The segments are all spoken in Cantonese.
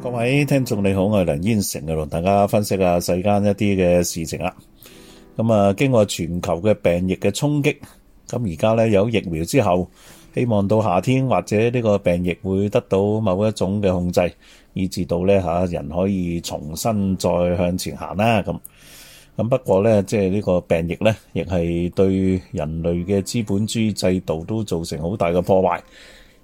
各位聽眾你好，我係梁燕城就同大家分析一下世間一啲嘅事情啦。咁啊，經過全球嘅病疫嘅衝擊，咁而家咧有疫苗之後，希望到夏天或者呢個病疫會得到某一種嘅控制，以致到咧吓人可以重新再向前行啦。咁咁不過咧，即係呢個病疫咧，亦係對人類嘅資本主義制度都造成好大嘅破壞。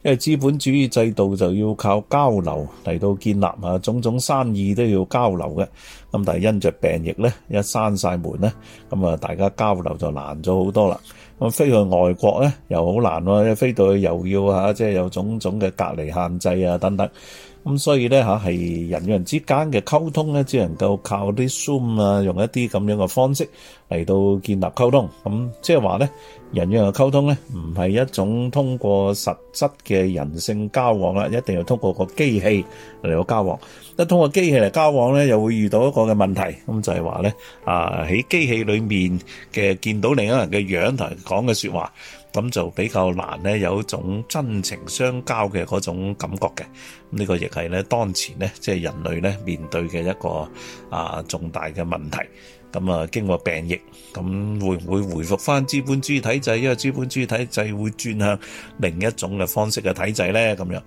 因為資本主義制度就要靠交流嚟到建立啊，種種生意都要交流嘅。咁但係因着病疫呢，一閂晒門呢，咁啊大家交流就難咗好多啦。咁飛去外國呢，又好難喎，啊，飛到去又要，即係有種種嘅隔離限制啊等等。咁所以咧，吓，係人與人之間嘅溝通咧，只能夠靠啲 Zoom 啊，用一啲咁樣嘅方式嚟到建立溝通。咁即係話咧，人與人嘅溝通咧，唔係一種通過實質嘅人性交往啦，一定要通過個機器嚟到交往。一通過機器嚟交往咧，又會遇到一個嘅問題，咁就係話咧，啊，喺機器裏面嘅見到另一個人嘅樣同佢講嘅說話，咁就比較難咧，有一種真情相交嘅嗰種感覺嘅。咁呢個亦係咧，當前呢，即係人類呢面對嘅一個啊重大嘅問題。咁啊，經過病疫，咁會唔會回復翻資本主義體制？因為資本主義體制會轉向另一種嘅方式嘅體制呢。咁樣。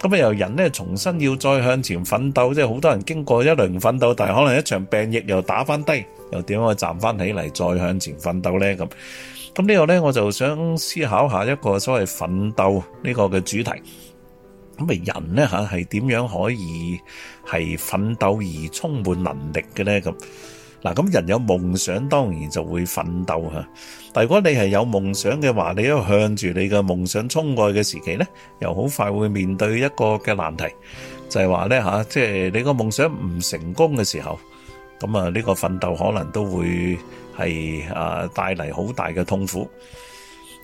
咁啊，由人呢，重新要再向前奮鬥，即係好多人經過一輪奮鬥，但係可能一場病疫又打翻低，又點樣站翻起嚟再向前奮鬥呢？咁。咁呢個咧，我就想思考下一個所謂奮鬥呢個嘅主題。咁啊，人咧吓係點樣可以係奮鬥而充滿能力嘅咧？咁嗱，咁人有夢想，當然就會奮鬥吓。但係如果你係有夢想嘅話，你一向住你嘅夢想衝去嘅時期咧，又好快會面對一個嘅難題，就係話咧吓，即係你個夢想唔成功嘅時候，咁啊呢個奮鬥可能都會。係啊，帶嚟好大嘅痛苦。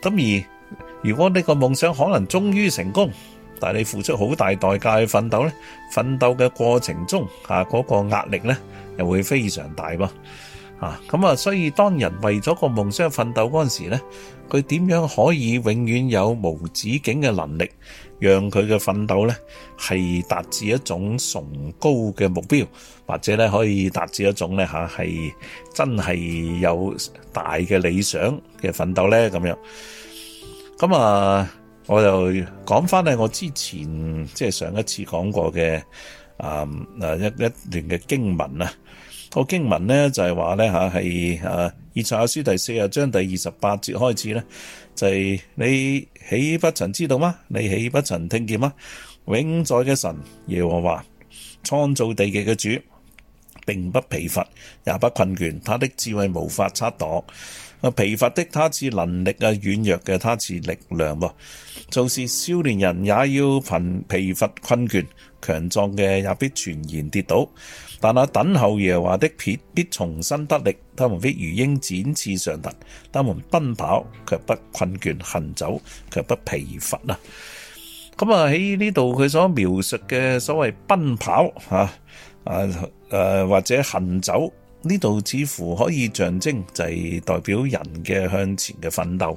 咁而如果你個夢想可能終於成功，但你付出好大代價去奮鬥呢，奮鬥嘅過程中嗰個壓力呢又會非常大噃。啊，咁啊，所以當人為咗個夢想的奮鬥嗰陣時呢，佢點樣可以永遠有無止境嘅能力，讓佢嘅奮鬥呢係達至一種崇高嘅目標，或者呢可以達至一種呢吓係真係有大嘅理想嘅奮鬥呢咁樣。咁啊，我又講翻呢我之前即係上一次講過嘅啊，一一段嘅經文啊。個經文咧就係話咧吓，係啊以賽亞書第四十章第二十八節開始咧就係、是、你豈不曾知道嗎？你豈不曾聽見嗎？永在嘅神耶和華創造地極嘅主，並不疲乏，也不困倦，他的智慧無法測度。啊，疲乏的他似能力啊，軟弱嘅他似力量。就是少年人也要貧疲乏困倦，強壯嘅也必全然跌倒。但阿、啊、等候耶華的撇必重新得力，他們必如鷹展翅上騰，他們奔跑卻不困倦，行走卻不疲乏啊！咁啊喺呢度佢所描述嘅所謂奔跑吓啊誒、啊啊、或者行走呢度似乎可以象徵就係代表人嘅向前嘅奮鬥。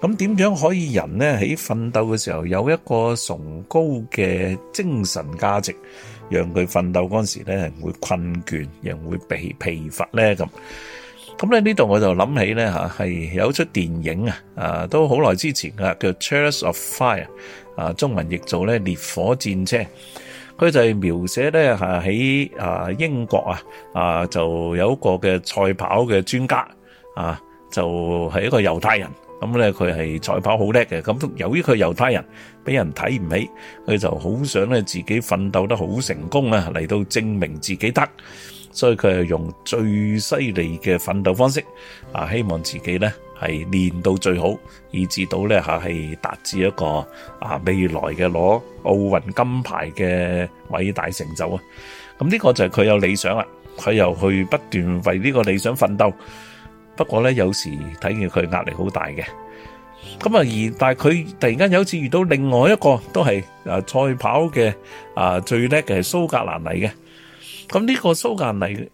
咁點樣可以人咧喺奮鬥嘅時候有一個崇高嘅精神價值，讓佢奮鬥嗰陣時咧唔會困倦，亦唔會被疲乏咧咁。咁咧呢度我就諗起咧係有一出電影啊，啊都好耐之前啊，叫《Chariots of Fire》，啊中文譯做咧《烈火戰車》，佢就係描寫咧喺啊英國啊啊就有一個嘅賽跑嘅專家啊，就係、是、一個猶太人。咁呢，佢係賽跑好叻嘅。咁由於佢係猶太人，俾人睇唔起，佢就好想呢自己奮鬥得好成功啊，嚟到證明自己得。所以佢係用最犀利嘅奮鬥方式啊，希望自己呢係練到最好，以至到呢嚇係達至一個啊未來嘅攞奧運金牌嘅偉大成就啊！咁呢個就係佢有理想啦，佢又去不斷為呢個理想奮鬥。不過咧，有時睇見佢壓力好大嘅，咁啊而但係佢突然間有次遇到另外一個都係誒賽跑嘅啊最叻嘅係蘇格蘭嚟嘅，咁呢個蘇格蘭嚟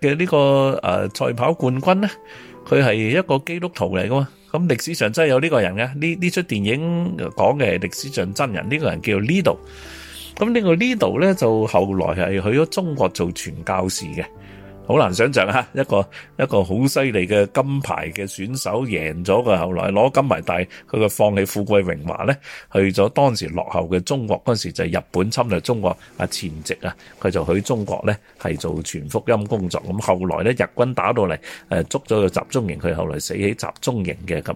嘅呢個誒賽跑冠軍咧，佢係一個基督徒嚟噶嘛，咁歷史上真係有呢個人嘅，呢呢出電影講嘅係歷史上真人，呢個人叫 Liddell，咁呢個 Liddell 咧就後來係去咗中國做傳教士嘅。好難想象，吓，一個一個好犀利嘅金牌嘅選手贏咗佢後來攞金牌大，佢就放棄富貴榮華咧，去咗當時落後嘅中國，嗰時就係日本侵略中國前夕，前夕啊，佢就去中國咧係做全福音工作，咁後來咧日軍打到嚟，誒捉咗個集中營，佢後來死喺集中營嘅咁，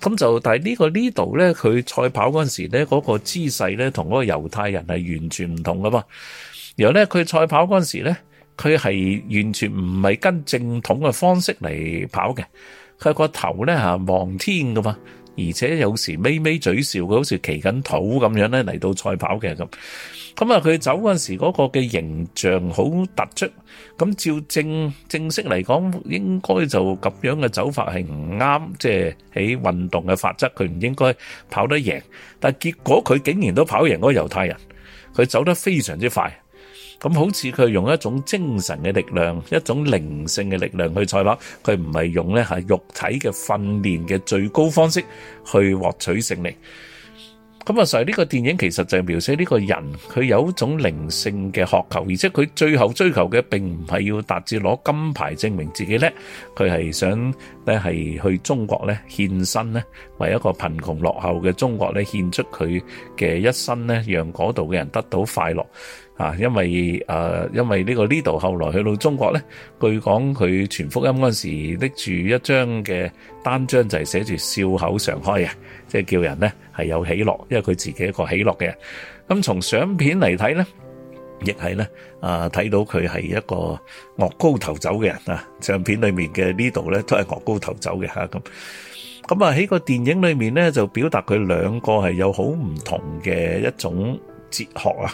咁就但係、這個、呢個呢度咧，佢賽跑嗰陣時咧嗰個姿勢咧同嗰個猶太人係完全唔同噶嘛，然後咧佢賽跑嗰陣時咧。佢係完全唔係跟正統嘅方式嚟跑嘅，佢個頭咧嚇望天㗎嘛，而且有時咪咪嘴笑，佢好似祈緊禱咁樣咧嚟到賽跑嘅咁。咁啊，佢走嗰陣時嗰個嘅形象好突出。咁照正正式嚟講，應該就咁樣嘅走法係唔啱，即係喺運動嘅法則，佢唔應該跑得贏。但係結果佢竟然都跑贏嗰個猶太人，佢走得非常之快。咁好似佢用一種精神嘅力量，一種靈性嘅力量去賽跑，佢唔係用咧係肉體嘅訓練嘅最高方式去獲取勝利。咁啊，所以呢個電影其實就係描寫呢個人，佢有一種靈性嘅渴求，而且佢最後追求嘅並唔係要達至攞金牌證明自己咧，佢係想咧係去中國咧獻身咧，為一個貧窮落後嘅中國咧獻出佢嘅一生咧，讓嗰度嘅人得到快樂。啊，因為誒、啊，因為呢個 Liddell 後來去到中國咧，據講佢傳福音嗰陣時拎住一張嘅單張就係寫住笑口常開嘅，即係叫人呢係有喜樂，因為佢自己一個喜樂嘅人。咁、啊、從相片嚟睇咧，亦係咧啊，睇到佢係一個岳高頭走嘅人啊。相片裏面嘅 Liddell 咧都係岳高頭走嘅吓咁。咁啊喺、啊、個電影裏面咧就表達佢兩個係有好唔同嘅一種哲學啊，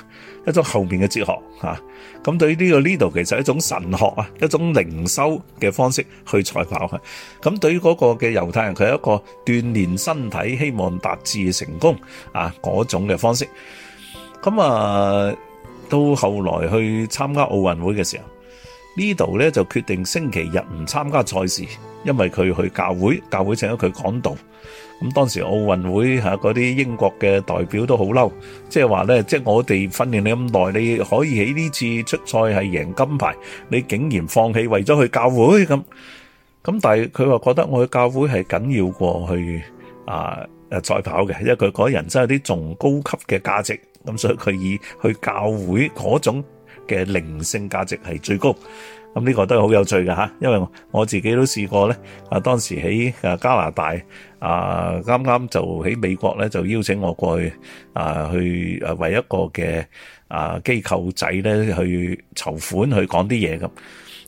一種後面嘅哲學吓，咁、啊、對於呢、這個呢度，其實係一種神學啊，一種靈修嘅方式去賽跑嘅，咁、啊、對於嗰個嘅猶太人，佢係一個鍛煉身體，希望達至成功啊嗰種嘅方式，咁啊到後來去參加奧運會嘅時候。呢度咧就決定星期日唔參加賽事，因為佢去教會，教會請咗佢講道。咁當時奧運會嚇嗰啲英國嘅代表都好嬲，即係話咧，即係我哋訓練你咁耐，你可以喺呢次出賽係贏金牌，你竟然放棄為咗去教會咁。咁但係佢話覺得我去教會係緊要過去啊誒賽跑嘅，因為佢個人真係啲仲高級嘅價值，咁所以佢以去教會嗰種。嘅靈性價值係最高，咁、這、呢個都係好有趣㗎。因為我自己都試過咧，啊當時喺誒加拿大，啊啱啱就喺美國咧就邀請我過去，啊去誒為一個嘅啊機構仔咧去籌款去講啲嘢咁，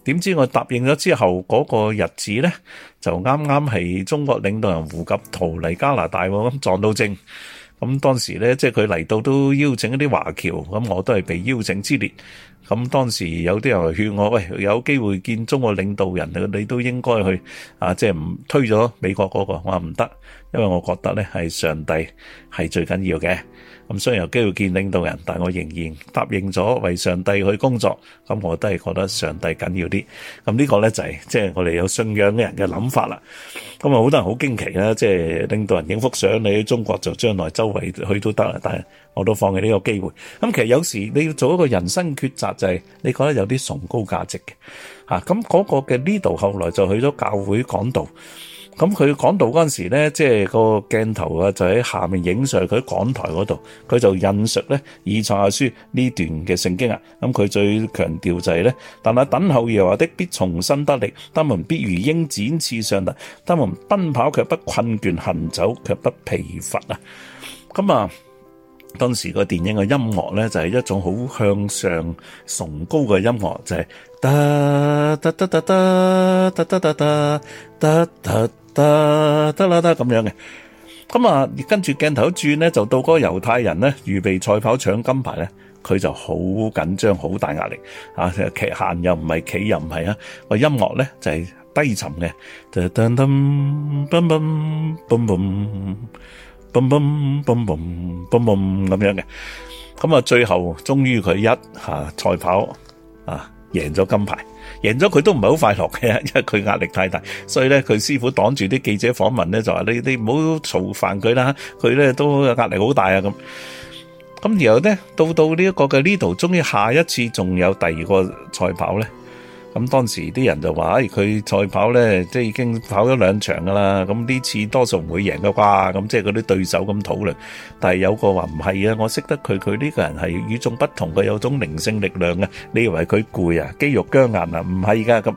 點知我答應咗之後嗰、那個日子咧就啱啱係中國領導人胡錦濤嚟加拿大喎，咁撞到正，咁當時咧即係佢嚟到都邀請一啲華僑，咁我都係被邀請之列。咁當時有啲人嚟勸我，喂，有機會見中國領導人，你都應該去，啊，即係唔推咗美國嗰個，我話唔得。因為我覺得咧係上帝係最緊要嘅，咁雖然有機會見領導人，但係我仍然答應咗為上帝去工作，咁我都係覺得上帝緊要啲。咁呢個咧就係即係我哋有信仰嘅人嘅諗法啦。咁啊，好多人好驚奇啦，即係領導人影幅相，你喺中國就將來周圍去都得，但係我都放棄呢個機會。咁其實有時你要做一個人生抉擇，就係你覺得有啲崇高價值嘅，吓咁嗰個嘅呢度後來就去咗教會講道。咁佢講到嗰陣時咧，即係個鏡頭啊，就喺下面影上佢喺港台嗰度，佢就引述咧《以賽亞書》呢段嘅聖經啊。咁佢最強調就係、是、咧，但係等候耶和華的必重新得力，他們必如鷹展翅上騰，他們奔跑卻不困倦，行走卻不疲乏啊。咁啊！當時個電影嘅音樂咧，就係一種好向上、崇高嘅音樂，就係得得得得得得得得得得得啦得咁樣嘅。咁啊，跟住鏡頭轉呢，就到嗰個猶太人呢，預備賽跑搶金牌咧，佢就好緊張、好大壓力啊！限又唔係企，又唔係啊！個音樂咧就係低沉嘅，就噔噔噔噔噔噔。嘣嘣嘣嘣嘣咁樣嘅，咁啊最後終於佢一吓、啊、賽跑啊贏咗金牌，贏咗佢都唔係好快樂嘅，因為佢壓力太大，所以咧佢師傅擋住啲記者訪問咧就話你你唔好嘈煩佢啦，佢咧都壓力好大啊咁，咁然後咧到到呢、這、一個嘅呢度，終於下一次仲有第二個賽跑咧。咁當時啲人就話，誒，佢賽跑咧，即係已經跑咗兩場噶啦。咁呢次多數唔會贏㗎啩。咁即係嗰啲對手咁討論。但係有個話唔係啊，我識得佢，佢呢個人係與眾不同嘅，有種靈性力量啊。你以為佢攰啊，肌肉僵硬啊？唔係㗎，咁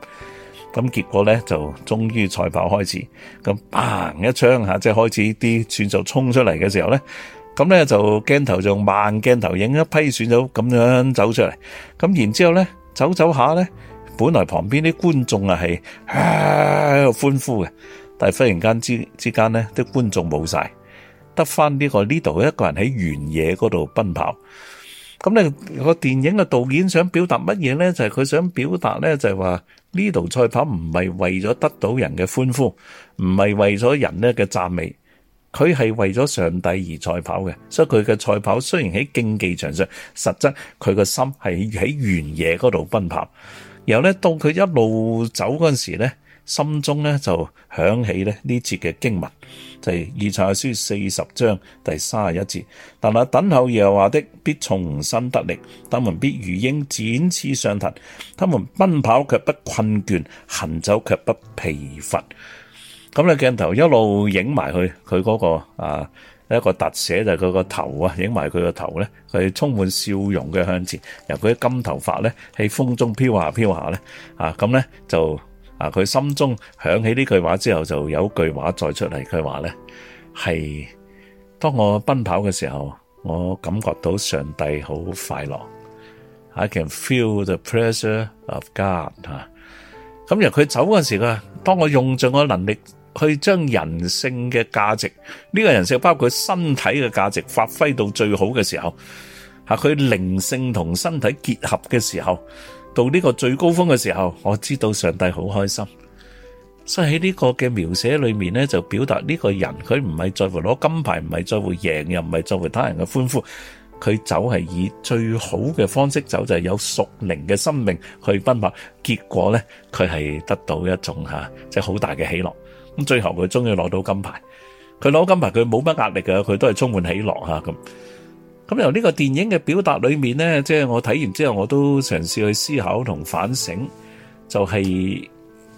咁結果咧就終於賽跑開始，咁嘭一槍吓，即係開始啲選手衝出嚟嘅時候咧，咁咧就鏡頭就慢鏡頭影一批選手咁樣走出嚟，咁然之後咧走走下咧。本來旁邊啲觀眾啊係喺度歡呼嘅，但係忽然間之之間呢，啲觀眾冇晒，得翻呢個呢度一個人喺原野嗰度奔跑。咁呢個電影嘅導演想表達乜嘢呢？就係佢想表達呢就係話呢度賽跑唔係為咗得到人嘅歡呼，唔係為咗人呢嘅讚美，佢係為咗上帝而賽跑嘅。所以佢嘅賽跑雖然喺競技場上，實質佢個心係喺原野嗰度奔跑。然後咧，到佢一路走嗰陣時咧，心中咧就響起咧呢節嘅經文，就係《以賽亞書》四十章第三十一節。 但係等候耶和華的，必重新得力；他們必如鷹展翅上騰，他們奔跑卻不困倦，行走卻不疲乏。咁你鏡頭一路影埋去佢嗰個啊。一個特寫就係佢個頭啊，影埋佢個頭咧，佢充滿笑容嘅向前，由佢啲金頭髮咧喺風中飄下飄下咧，啊咁咧就啊佢心中響起呢句話之後，就有句話再出嚟，佢話咧係當我奔跑嘅時候，我感覺到上帝好快樂。I can feel the pleasure of God 吓。咁由佢走嗰陣時啊，當我用盡我能力。去將人性嘅價值呢、呢個人性包括佢身體嘅價值發揮到最好嘅時候，吓，佢靈性同身體結合嘅時候，到呢個最高峰嘅時候，我知道上帝好開心。所以喺呢個嘅描寫裏面呢，就表達呢個人佢唔係在乎攞金牌，唔係在乎贏，又唔係作為他人嘅歡呼。佢走係以最好嘅方式走，就係、是、有屬靈嘅生命去奔跑。結果呢，佢係得到一種吓即係好大嘅喜樂。咁最後佢終於攞到金牌，佢攞金牌佢冇乜壓力啊，佢都係充滿喜樂吓咁。咁由呢個電影嘅表達裏面咧，即係我睇完之後，我都嘗試去思考同反省，就係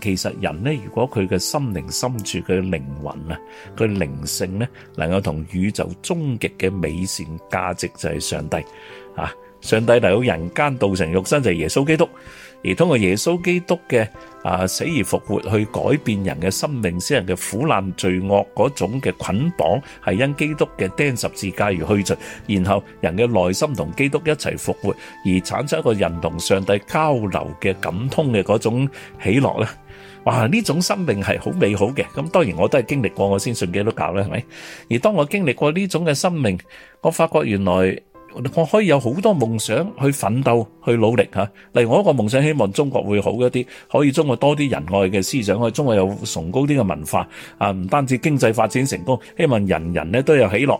其實人咧，如果佢嘅心靈深處嘅靈魂啊，佢靈性咧，能夠同宇宙終極嘅美善價值就係上帝啊。上帝嚟到人間，道成肉身就係耶穌基督，而通過耶穌基督嘅啊死而復活，去改變人嘅生命，使人嘅苦難、罪惡嗰種嘅捆綁，係因基督嘅釘十字架而去除，然後人嘅內心同基督一齊復活，而產生一個人同上帝交流嘅感通嘅嗰種喜樂咧。哇！呢種生命係好美好嘅，咁當然我都係經歷過，我先信基督教咧，係咪？而當我經歷過呢種嘅生命，我發覺原來。我可以有好多夢想去奮鬥去努力吓。另外一個夢想，希望中國會好一啲，可以中國多啲仁愛嘅思想，可以中國有崇高啲嘅文化。啊，唔單止經濟發展成功，希望人人咧都有喜樂。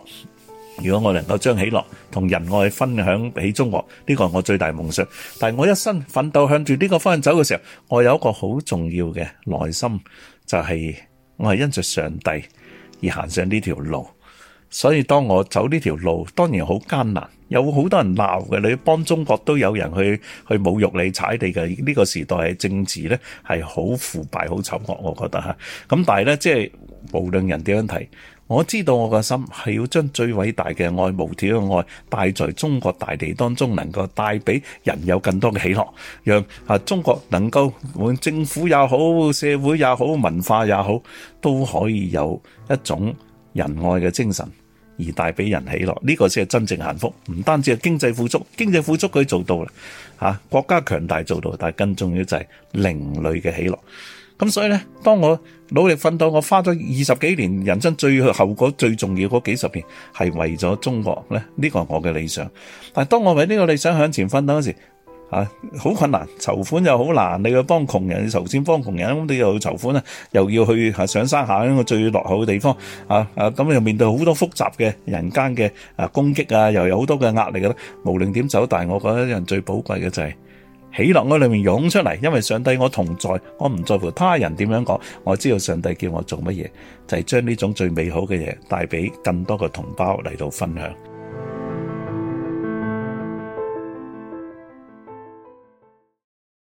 如果我能夠將喜樂同仁愛分享俾中國，呢個係我最大夢想。但係我一生奮鬥向住呢個方向走嘅時候，我有一個好重要嘅內心就係、是、我係因着上帝而行上呢條路。所以當我走呢條路，當然好艱難。有好多人鬧嘅，你幫中國都有人去去侮辱你踩你嘅。呢個時代係政治咧，係好腐敗好醜惡，我覺得吓。咁但係咧，即係無論人點樣提，我知道我個心係要將最偉大嘅愛無條件嘅愛帶在中國大地當中，能夠帶俾人有更多嘅喜樂，讓啊中國能夠無論政府也好、社會也好、文化也好，都可以有一種仁愛嘅精神。而帶俾人喜樂，呢個先係真正幸福，唔單止係經濟富足，經濟富足佢做到啦，嚇國家強大做到，但係更重要就係另類嘅喜樂。咁所以咧，當我努力奮鬥，我花咗二十幾年人生最後果最重要嗰幾十年，係為咗中國咧，呢個係我嘅理想。但係當我為呢個理想向前奮鬥嗰時，啊，好困難，籌款又好難，你要幫窮人，你首先幫窮人，咁你又要籌款啊，又要去上山下呢個最落後嘅地方，啊啊，咁、啊、又面對好多複雜嘅人間嘅啊攻擊啊，又有好多嘅壓力啦，無論點走，但係我覺得一樣最寶貴嘅就係喜樂我裏面湧出嚟，因為上帝我同在，我唔在乎他人點樣講，我知道上帝叫我做乜嘢，就係將呢種最美好嘅嘢帶俾更多嘅同胞嚟到分享。